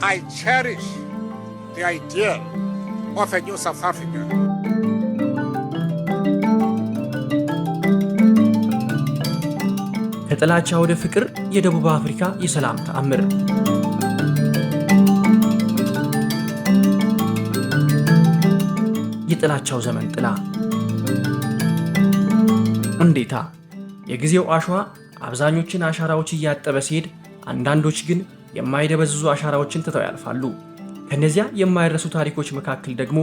I cherish the idea of a new South Africa. ከጥላቻ ወደ ፍቅር የደቡብ አፍሪካ የሰላም ተአምር የጥላቻው ዘመን ጥላ እንዴታ! የጊዜው አሸዋ አብዛኞችን አሻራዎች እያጠበ ሲሄድ አንዳንዶች ግን የማይደበዝዙ አሻራዎችን ትተው ያልፋሉ። ከእነዚያ የማይረሱ ታሪኮች መካከል ደግሞ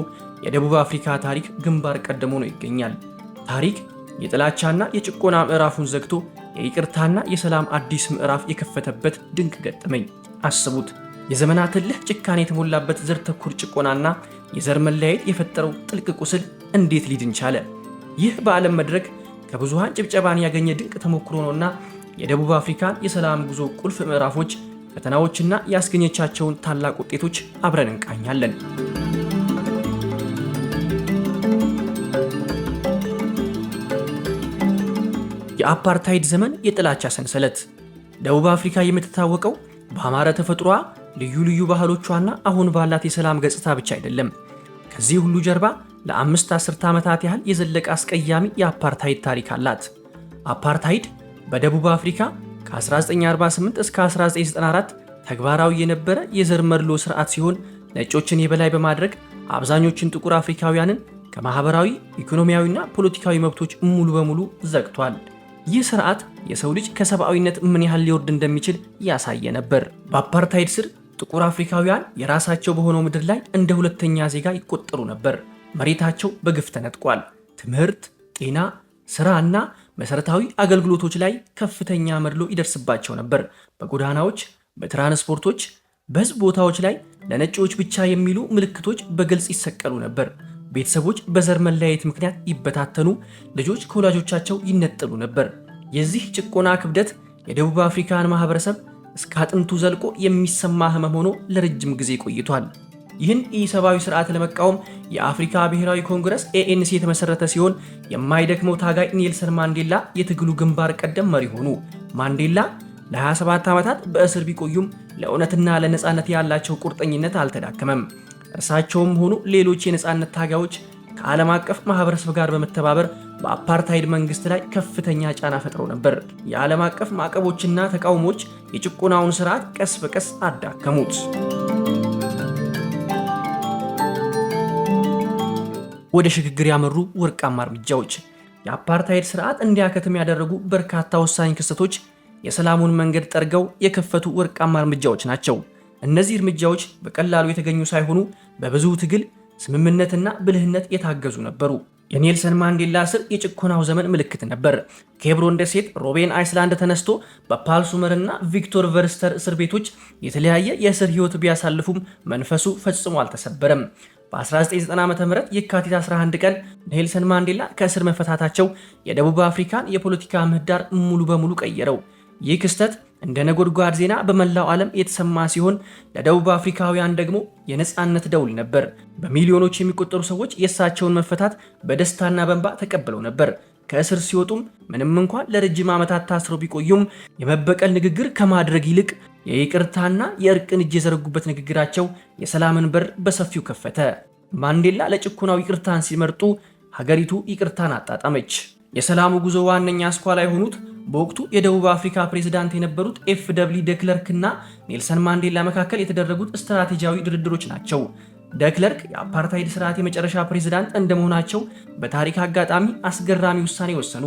የደቡብ አፍሪካ ታሪክ ግንባር ቀደም ሆኖ ይገኛል። ታሪክ የጥላቻና የጭቆና ምዕራፉን ዘግቶ የይቅርታና የሰላም አዲስ ምዕራፍ የከፈተበት ድንቅ ገጠመኝ አስቡት። የዘመናት እልህ፣ ጭካኔ የተሞላበት ዘር ተኩር ጭቆናና የዘር መለያየት የፈጠረው ጥልቅ ቁስል እንዴት ሊድን ቻለ? ይህ በዓለም መድረክ ከብዙሃን ጭብጨባን ያገኘ ድንቅ ተሞክሮ ነውና የደቡብ አፍሪካን የሰላም ጉዞ ቁልፍ ምዕራፎች ፈተናዎችና ያስገኘቻቸውን ታላቅ ውጤቶች አብረን እንቃኛለን። የአፓርታይድ ዘመን የጥላቻ ሰንሰለት። ደቡብ አፍሪካ የምትታወቀው በአማረ ተፈጥሯ፣ ልዩ ልዩ ባህሎቿና አሁን ባላት የሰላም ገጽታ ብቻ አይደለም። ከዚህ ሁሉ ጀርባ ለአምስት አስርተ ዓመታት ያህል የዘለቀ አስቀያሚ የአፓርታይድ ታሪክ አላት። አፓርታይድ በደቡብ አፍሪካ ከ1948 እስከ 1994 ተግባራዊ የነበረ የዘር መድሎ ስርዓት ሲሆን ነጮችን የበላይ በማድረግ አብዛኞቹን ጥቁር አፍሪካውያንን ከማኅበራዊ ኢኮኖሚያዊና ፖለቲካዊ መብቶች ሙሉ በሙሉ ዘግቷል። ይህ ስርዓት የሰው ልጅ ከሰብአዊነት ምን ያህል ሊወርድ እንደሚችል ያሳየ ነበር። በአፓርታይድ ስር ጥቁር አፍሪካውያን የራሳቸው በሆነው ምድር ላይ እንደ ሁለተኛ ዜጋ ይቆጠሩ ነበር። መሬታቸው በግፍ ተነጥቋል። ትምህርት፣ ጤና፣ እና? መሰረታዊ አገልግሎቶች ላይ ከፍተኛ መድሎ ይደርስባቸው ነበር። በጎዳናዎች፣ በትራንስፖርቶች፣ በሕዝብ ቦታዎች ላይ ለነጮች ብቻ የሚሉ ምልክቶች በግልጽ ይሰቀሉ ነበር። ቤተሰቦች በዘር መለያየት ምክንያት ይበታተኑ፣ ልጆች ከወላጆቻቸው ይነጠሉ ነበር። የዚህ ጭቆና ክብደት የደቡብ አፍሪካን ማህበረሰብ እስከ አጥንቱ ዘልቆ የሚሰማ ህመም ሆኖ ለረጅም ጊዜ ቆይቷል። ይህን ኢሰብአዊ ስርዓት ለመቃወም የአፍሪካ ብሔራዊ ኮንግረስ ኤኤንሲ የተመሰረተ ሲሆን የማይደክመው ታጋይ ኔልሰን ማንዴላ የትግሉ ግንባር ቀደም መሪ ሆኑ። ማንዴላ ለ27 ዓመታት በእስር ቢቆዩም ለእውነትና ለነፃነት ያላቸው ቁርጠኝነት አልተዳከመም። እርሳቸውም ሆኑ ሌሎች የነፃነት ታጋዮች ከዓለም አቀፍ ማህበረሰብ ጋር በመተባበር በአፓርታይድ መንግስት ላይ ከፍተኛ ጫና ፈጥረው ነበር። የዓለም አቀፍ ማዕቀቦችና ተቃውሞች የጭቆናውን ስርዓት ቀስ በቀስ አዳከሙት። ወደ ሽግግር ያመሩ ወርቃማ እርምጃዎች፣ የአፓርታይድ ስርዓት እንዲያከትም ያደረጉ በርካታ ወሳኝ ክስተቶች የሰላሙን መንገድ ጠርገው የከፈቱ ወርቃማ እርምጃዎች ናቸው። እነዚህ እርምጃዎች በቀላሉ የተገኙ ሳይሆኑ በብዙ ትግል ስምምነትና ብልህነት የታገዙ ነበሩ። የኔልሰን ማንዴላ ስር የጭኮናው ዘመን ምልክት ነበር። ኬብሮን ደሴት ሮቤን አይስላንድ ተነስቶ በፓልሱመርና ቪክቶር ቨርስተር እስር ቤቶች የተለያየ የእስር ሕይወት ቢያሳልፉም መንፈሱ ፈጽሞ አልተሰበረም። በ1990 ዓ ም የካቲት 11 ቀን ኔልሰን ማንዴላ ከእስር መፈታታቸው የደቡብ አፍሪካን የፖለቲካ ምህዳር ሙሉ በሙሉ ቀየረው። ይህ ክስተት እንደ ነጎድጓድ ዜና በመላው ዓለም የተሰማ ሲሆን ለደቡብ አፍሪካውያን ደግሞ የነፃነት ደውል ነበር። በሚሊዮኖች የሚቆጠሩ ሰዎች የእሳቸውን መፈታት በደስታና በንባ ተቀብለው ነበር። ከእስር ሲወጡም ምንም እንኳን ለረጅም ዓመታት ታስረው ቢቆዩም የመበቀል ንግግር ከማድረግ ይልቅ የይቅርታና የእርቅን እጅ የዘረጉበት ንግግራቸው የሰላምን በር በሰፊው ከፈተ። ማንዴላ ለጭኮናው ይቅርታን ሲመርጡ ሀገሪቱ ይቅርታን አጣጣመች። የሰላሙ ጉዞ ዋነኛ አስኳላ የሆኑት በወቅቱ የደቡብ አፍሪካ ፕሬዝዳንት የነበሩት ኤፍ ደብሊ ደክለርክ ኔልሰን ማንዴላ መካከል የተደረጉት ስትራቴጂያዊ ድርድሮች ናቸው። ደክለርክ የአፓርታይድ ስርዓት የመጨረሻ ፕሬዝዳንት እንደመሆናቸው በታሪክ አጋጣሚ አስገራሚ ውሳኔ ወሰኑ።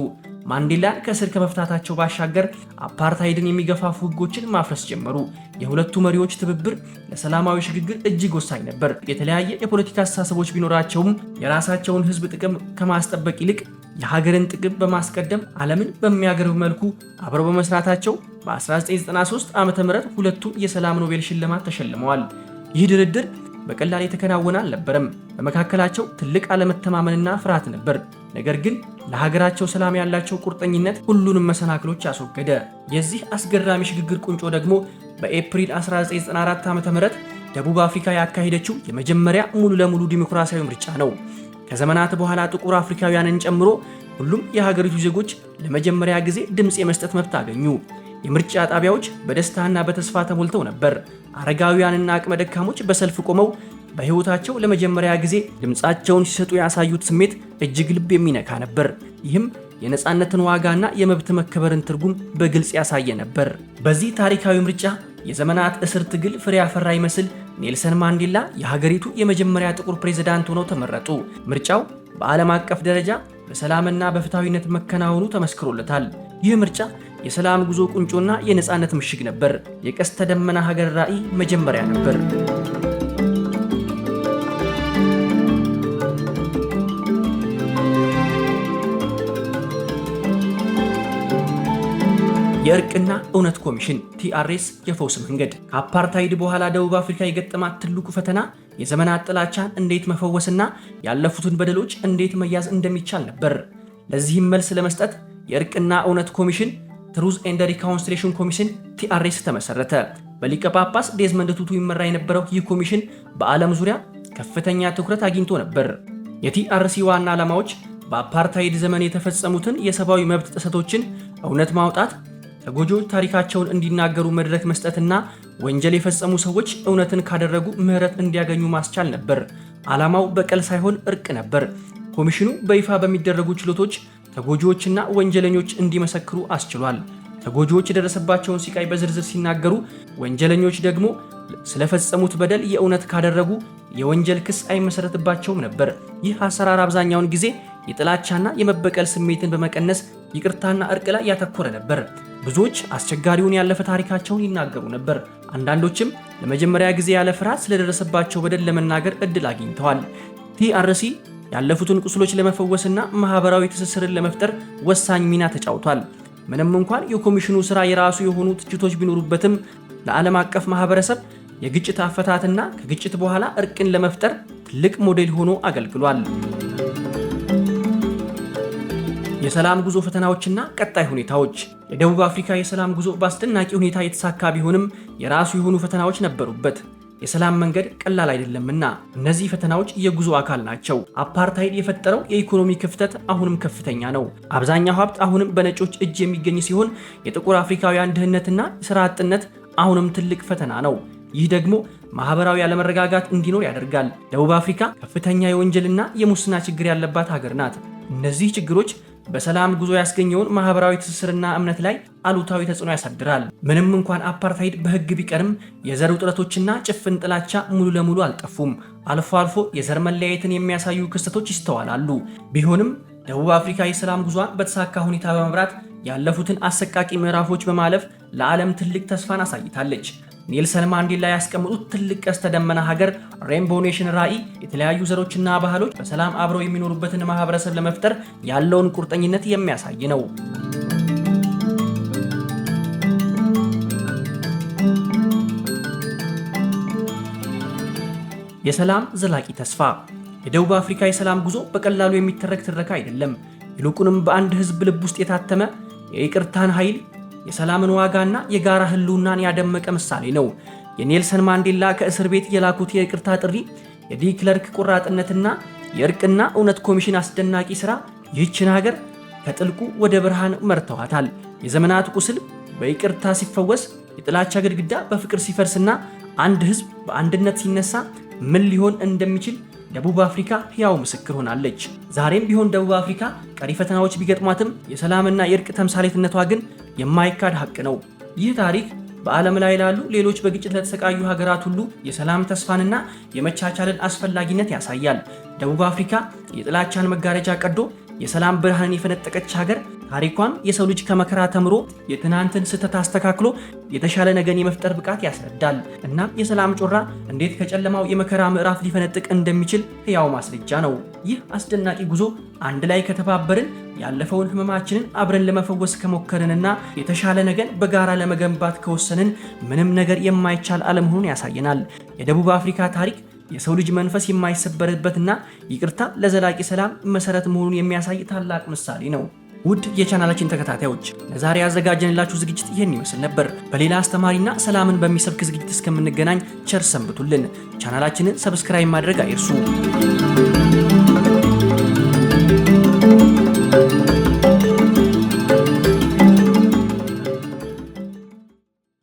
ማንዴላን ከእስር ከመፍታታቸው ባሻገር አፓርታይድን የሚገፋፉ ህጎችን ማፍረስ ጀመሩ። የሁለቱ መሪዎች ትብብር ለሰላማዊ ሽግግር እጅግ ወሳኝ ነበር። የተለያየ የፖለቲካ አስተሳሰቦች ቢኖራቸውም የራሳቸውን ህዝብ ጥቅም ከማስጠበቅ ይልቅ የሀገርን ጥቅም በማስቀደም ዓለምን በሚያገርብ መልኩ አብረው በመስራታቸው በ1993 ዓ ም ሁለቱም የሰላም ኖቤል ሽልማት ተሸልመዋል። ይህ ድርድር በቀላል የተከናወነ አልነበረም። በመካከላቸው ትልቅ አለመተማመንና ፍርሃት ነበር። ነገር ግን ለሀገራቸው ሰላም ያላቸው ቁርጠኝነት ሁሉንም መሰናክሎች ያስወገደ የዚህ አስገራሚ ሽግግር ቁንጮ ደግሞ በኤፕሪል 1994 ዓ.ም ደቡብ አፍሪካ ያካሄደችው የመጀመሪያ ሙሉ ለሙሉ ዲሞክራሲያዊ ምርጫ ነው። ከዘመናት በኋላ ጥቁር አፍሪካውያንን ጨምሮ ሁሉም የሀገሪቱ ዜጎች ለመጀመሪያ ጊዜ ድምፅ የመስጠት መብት አገኙ። የምርጫ ጣቢያዎች በደስታና በተስፋ ተሞልተው ነበር። አረጋውያንና አቅመ ደካሞች በሰልፍ ቆመው በሕይወታቸው ለመጀመሪያ ጊዜ ድምፃቸውን ሲሰጡ ያሳዩት ስሜት እጅግ ልብ የሚነካ ነበር። ይህም የነፃነትን ዋጋና የመብት መከበርን ትርጉም በግልጽ ያሳየ ነበር። በዚህ ታሪካዊ ምርጫ የዘመናት እስር ትግል ፍሬ ያፈራ ይመስል ኔልሰን ማንዴላ የሀገሪቱ የመጀመሪያ ጥቁር ፕሬዝዳንት ሆነው ተመረጡ። ምርጫው በዓለም አቀፍ ደረጃ በሰላምና በፍትሐዊነት መከናወኑ ተመስክሮለታል። ይህ ምርጫ የሰላም ጉዞ ቁንጮና የነፃነት ምሽግ ነበር። የቀስተ ደመና ሀገር ራዕይ መጀመሪያ ነበር። የእርቅና እውነት ኮሚሽን ቲአርኤስ የፈውስ መንገድ ከአፓርታይድ በኋላ ደቡብ አፍሪካ የገጠማት ትልቁ ፈተና የዘመናት ጥላቻን እንዴት መፈወስና ያለፉትን በደሎች እንዴት መያዝ እንደሚቻል ነበር። ለዚህም መልስ ለመስጠት የእርቅና እውነት ኮሚሽን ትሩዝ ኤንድ ሪኮንስትሬሽን ኮሚሽን ቲአርኤስ ተመሰረተ። በሊቀ ጳጳስ ዴዝመንድ ቱቱ ይመራ የነበረው ይህ ኮሚሽን በዓለም ዙሪያ ከፍተኛ ትኩረት አግኝቶ ነበር። የቲአርሲ ዋና ዓላማዎች በአፓርታይድ ዘመን የተፈጸሙትን የሰብአዊ መብት ጥሰቶችን እውነት ማውጣት፣ ተጎጂዎች ታሪካቸውን እንዲናገሩ መድረክ መስጠትና ወንጀል የፈጸሙ ሰዎች እውነትን ካደረጉ ምህረት እንዲያገኙ ማስቻል ነበር። ዓላማው በቀል ሳይሆን እርቅ ነበር። ኮሚሽኑ በይፋ በሚደረጉ ችሎቶች ተጎጂዎችና ወንጀለኞች እንዲመሰክሩ አስችሏል። ተጎጂዎች የደረሰባቸውን ሲቃይ በዝርዝር ሲናገሩ፣ ወንጀለኞች ደግሞ ስለፈጸሙት በደል የእውነት ካደረጉ የወንጀል ክስ አይመሰረትባቸውም ነበር። ይህ አሰራር አብዛኛውን ጊዜ የጥላቻና የመበቀል ስሜትን በመቀነስ ይቅርታና እርቅ ላይ ያተኮረ ነበር። ብዙዎች አስቸጋሪውን ያለፈ ታሪካቸውን ይናገሩ ነበር። አንዳንዶችም ለመጀመሪያ ጊዜ ያለ ፍርሃት ስለደረሰባቸው በደል ለመናገር እድል አግኝተዋል። ቲአርሲ ያለፉትን ቁስሎች ለመፈወስና ማህበራዊ ትስስርን ለመፍጠር ወሳኝ ሚና ተጫውቷል። ምንም እንኳን የኮሚሽኑ ስራ የራሱ የሆኑ ትችቶች ቢኖሩበትም ለዓለም አቀፍ ማህበረሰብ የግጭት አፈታትና ከግጭት በኋላ እርቅን ለመፍጠር ትልቅ ሞዴል ሆኖ አገልግሏል። የሰላም ጉዞ ፈተናዎችና ቀጣይ ሁኔታዎች። የደቡብ አፍሪካ የሰላም ጉዞ በአስደናቂ ሁኔታ የተሳካ ቢሆንም የራሱ የሆኑ ፈተናዎች ነበሩበት። የሰላም መንገድ ቀላል አይደለምና እነዚህ ፈተናዎች የጉዞ አካል ናቸው። አፓርታይድ የፈጠረው የኢኮኖሚ ክፍተት አሁንም ከፍተኛ ነው። አብዛኛው ሀብት አሁንም በነጮች እጅ የሚገኝ ሲሆን የጥቁር አፍሪካውያን ድህነትና ስራ አጥነት አሁንም ትልቅ ፈተና ነው። ይህ ደግሞ ማህበራዊ አለመረጋጋት እንዲኖር ያደርጋል። ደቡብ አፍሪካ ከፍተኛ የወንጀልና የሙስና ችግር ያለባት ሀገር ናት። እነዚህ ችግሮች በሰላም ጉዞ ያስገኘውን ማህበራዊ ትስስርና እምነት ላይ አሉታዊ ተጽዕኖ ያሳድራል። ምንም እንኳን አፓርታይድ በህግ ቢቀርም የዘር ውጥረቶችና ጭፍን ጥላቻ ሙሉ ለሙሉ አልጠፉም። አልፎ አልፎ የዘር መለያየትን የሚያሳዩ ክስተቶች ይስተዋላሉ። ቢሆንም ደቡብ አፍሪካ የሰላም ጉዟን በተሳካ ሁኔታ በመምራት ያለፉትን አሰቃቂ ምዕራፎች በማለፍ ለዓለም ትልቅ ተስፋን አሳይታለች። ኔልሰን ማንዴላ ያስቀምጡት ትልቅ ቀስተ ደመና ሀገር ሬንቦ ኔሽን ራዕይ የተለያዩ ዘሮችና ባህሎች በሰላም አብረው የሚኖሩበትን ማህበረሰብ ለመፍጠር ያለውን ቁርጠኝነት የሚያሳይ ነው። የሰላም ዘላቂ ተስፋ የደቡብ አፍሪካ የሰላም ጉዞ በቀላሉ የሚተረክ ትረካ አይደለም። ይልቁንም በአንድ ህዝብ ልብ ውስጥ የታተመ የይቅርታን ኃይል የሰላምን ዋጋና የጋራ ህልውናን ያደመቀ ምሳሌ ነው። የኔልሰን ማንዴላ ከእስር ቤት የላኩት የይቅርታ ጥሪ፣ የዲክለርክ ቆራጥነትና የእርቅና እውነት ኮሚሽን አስደናቂ ሥራ ይህችን ሀገር ከጥልቁ ወደ ብርሃን መርተዋታል። የዘመናት ቁስል በይቅርታ ሲፈወስ፣ የጥላቻ ግድግዳ በፍቅር ሲፈርስና አንድ ህዝብ በአንድነት ሲነሳ ምን ሊሆን እንደሚችል ደቡብ አፍሪካ ሕያው ምስክር ሆናለች። ዛሬም ቢሆን ደቡብ አፍሪካ ቀሪ ፈተናዎች ቢገጥሟትም የሰላምና የእርቅ ተምሳሌትነቷ ግን የማይካድ ሀቅ ነው። ይህ ታሪክ በዓለም ላይ ላሉ ሌሎች በግጭት ለተሰቃዩ ሀገራት ሁሉ የሰላም ተስፋንና የመቻቻልን አስፈላጊነት ያሳያል። ደቡብ አፍሪካ የጥላቻን መጋረጃ ቀዶ የሰላም ብርሃንን የፈነጠቀች ሀገር ታሪኳም የሰው ልጅ ከመከራ ተምሮ የትናንትን ስህተት አስተካክሎ የተሻለ ነገን የመፍጠር ብቃት ያስረዳል። እናም የሰላም ጮራ እንዴት ከጨለማው የመከራ ምዕራፍ ሊፈነጥቅ እንደሚችል ሕያው ማስረጃ ነው። ይህ አስደናቂ ጉዞ አንድ ላይ ከተባበርን ያለፈውን ህመማችንን አብረን ለመፈወስ ከሞከርንና የተሻለ ነገን በጋራ ለመገንባት ከወሰንን ምንም ነገር የማይቻል አለመሆኑን ያሳየናል። የደቡብ አፍሪካ ታሪክ የሰው ልጅ መንፈስ የማይሰበርበትና ይቅርታ ለዘላቂ ሰላም መሰረት መሆኑን የሚያሳይ ታላቅ ምሳሌ ነው። ውድ የቻናላችን ተከታታዮች ለዛሬ ያዘጋጀንላችሁ ዝግጅት ይህን ይመስል ነበር። በሌላ አስተማሪና ሰላምን በሚሰብክ ዝግጅት እስከምንገናኝ ቸር ሰንብቱልን። ቻናላችንን ሰብስክራይብ ማድረግ አይርሱ።